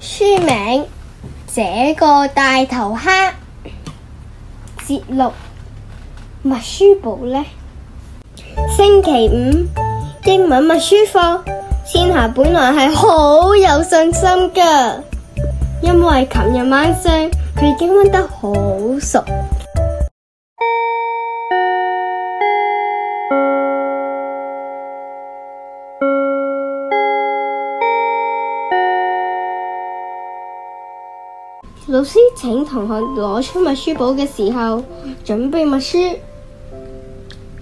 書名：這個大頭蝦。節錄《默書簿呢？星期五英文默書課，千夏本來係好有信心噶，因為琴日晚上佢已經溫得好熟。老師請同學攞出默書簿嘅時候，準備默書。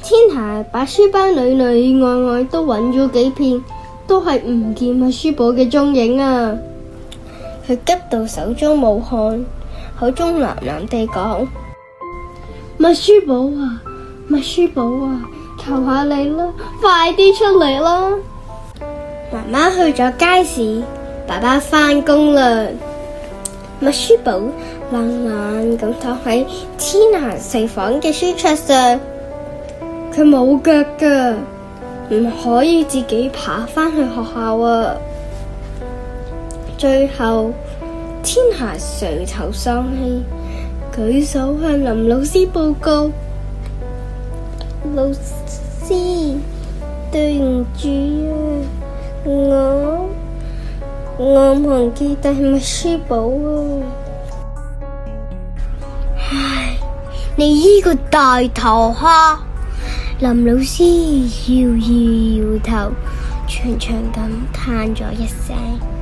天霞把書包裏裏外外都揾咗幾遍，都係唔見默書簿嘅蹤影啊！佢急到手中冒汗，口中喃喃地講：默書簿啊，默書簿啊，求下你啦，快啲出嚟啦！媽媽去咗街市，爸爸返工啦。默書簿懶懶咁躺喺天行四房嘅書桌上，佢冇腳㗎，唔可以自己爬翻去學校啊！最後，天下垂頭喪氣，舉手向林老師報告：老師對唔住啊，我。我唔記得帶默書簿啊！唉，你依個大頭蝦，林老師搖搖，搖頭，長長咁嘆咗一聲。